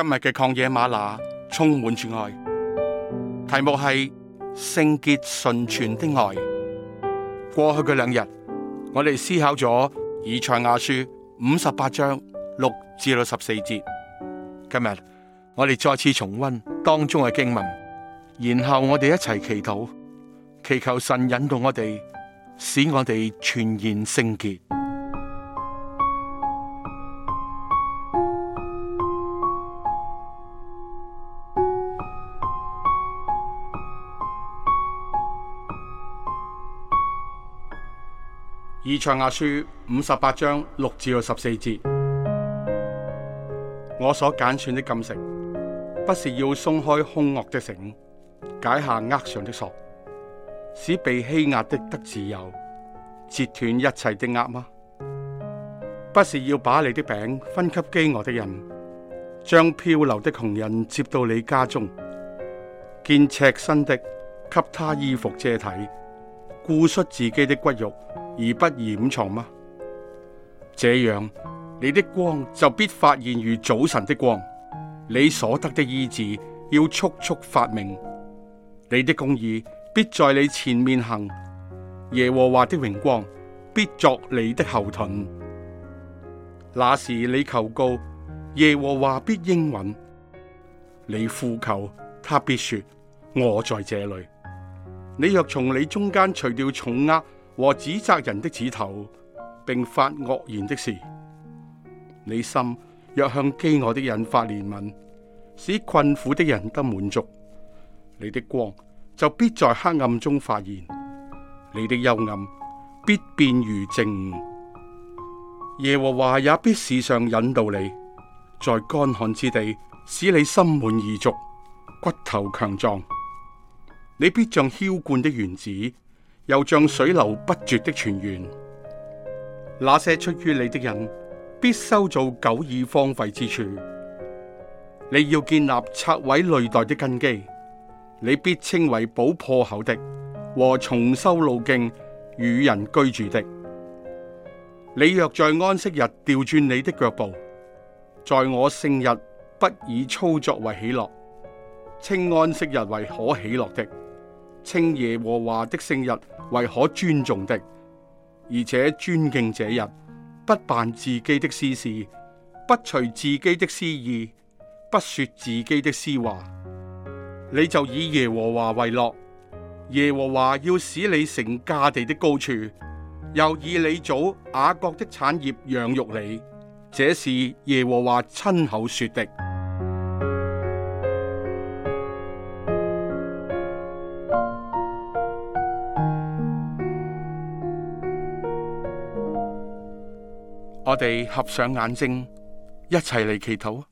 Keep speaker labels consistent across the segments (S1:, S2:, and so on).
S1: 今日嘅曠野嗎哪充滿住愛，題目係聖潔純全的愛。過去嘅兩日，我哋思考咗以賽亞書五十八章六至十四節。今日我哋再次重温當中嘅經文，然後我哋一齊祈禱，祈求神引導我哋，使我哋全然聖潔。以賽亞書五十八章六至十四節，我所揀選的禁食，不是要鬆開兇惡的繩，解下軛上的索，使被欺壓的得自由，截斷一切的軛嗎？不是要把你的餅分給飢餓的人，將漂流的窮人接到你家中，見赤身的給他衣服遮體，顧恤自己的骨肉？而不掩藏嗎？這樣你的光就必發現如早晨的光，你所得的醫治，要速速發明，你的公義必在你前面行，耶和華的榮光必作你的後盾。那時你求告耶和華必應允，你呼求他必說，我在這裏。你若從你中間除掉重壓，和指責人的指頭，並發惡言的事，你心若向饑餓的人發憐憫，使困苦的人得滿足，你的光就必在黑暗中發現，你的幽暗必變如正午。耶和華也必時常引導你，在乾旱之地使你心滿意足，骨頭強壯。你必像澆灌的園子。又像水流不絕的泉源。那些出於你的人，必修造久已荒廢之處。你要建立拆毀累代的根基。你必稱為補破口的和重修路徑與人居住的。你若在安息日調轉你的腳步，在我聖日不以操作為喜樂，稱安息日為可喜樂的，稱耶和華的聖日，為可尊重的，而且尊敬這日，不辦自己的私事，不隨自己的私意，不說自己的私話，你就以耶和華為樂。耶和華要使你乘駕地的高處，又以你祖雅各的產業養育你，這是耶和華親口說的。我哋合上眼睛，一齊嚟祈禱。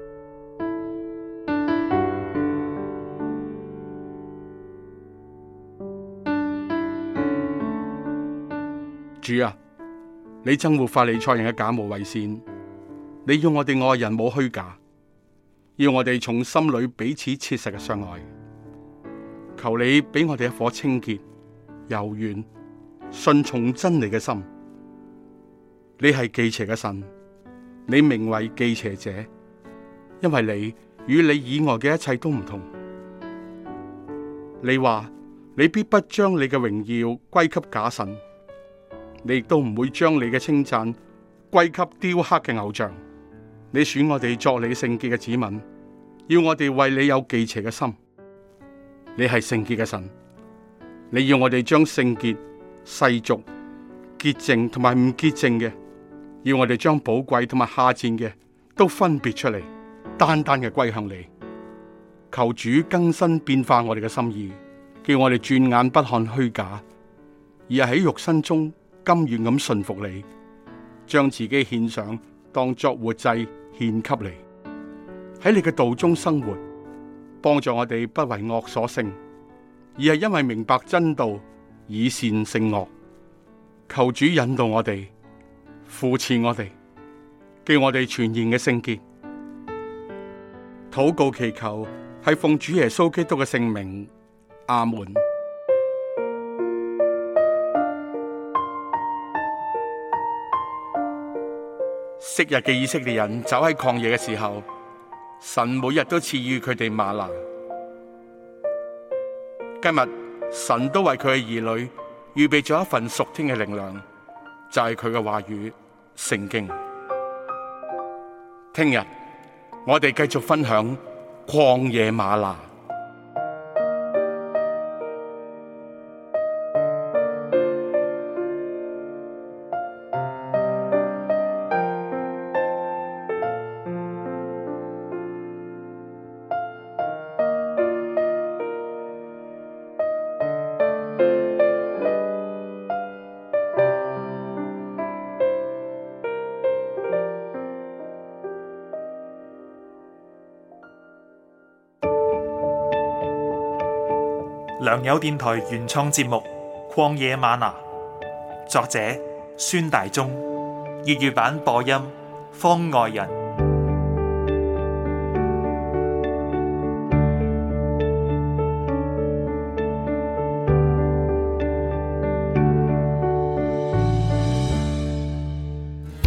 S1: 主啊，你憎惡法利賽人嘅假冒偽善，你要我哋愛人冇虛假，要我哋從心裏彼此切實嘅相愛。求你俾我哋一顆清潔、柔軟，信從真理嘅心，你係忌邪嘅神，你名為忌邪者，因為你與你以外嘅一切都唔同。你話你必不將你嘅榮耀歸給假神，你亦都唔會將你嘅稱讚歸給雕刻嘅偶像。你選我哋作你聖潔嘅子民，要我哋為你有忌邪嘅心。你係聖潔嘅神，你要我哋將聖潔。世俗潔淨同埋唔潔淨嘅，要我哋將寶貴同埋下賤嘅都分別出嚟，單單嘅歸向你。求主更新變化我哋嘅心意，叫我哋轉眼不看虛假，而係喺肉身中甘願咁信服你，將自己獻上當作活祭獻給你。喺你嘅道中生活，幫助我哋不為惡所勝，而係因為明白真道，以善勝惡，求主引導我哋，扶持我哋，叫我哋傳揚嘅聖潔。禱告祈求，係奉主耶穌基督嘅聖名，阿門。昔日嘅以色列人走喺曠野嘅時候，神每日都賜予佢哋嗎哪。今日。神都為佢嘅兒女預備咗一份屬天嘅靈糧，就係佢嘅話語《聖經》。聽日我哋繼續分享曠野嗎哪。良友電台原創節目《曠野嗎哪》，作者孫大中，粵語版播音方外人。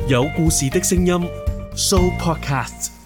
S1: 有故事的聲音，Show Podcast。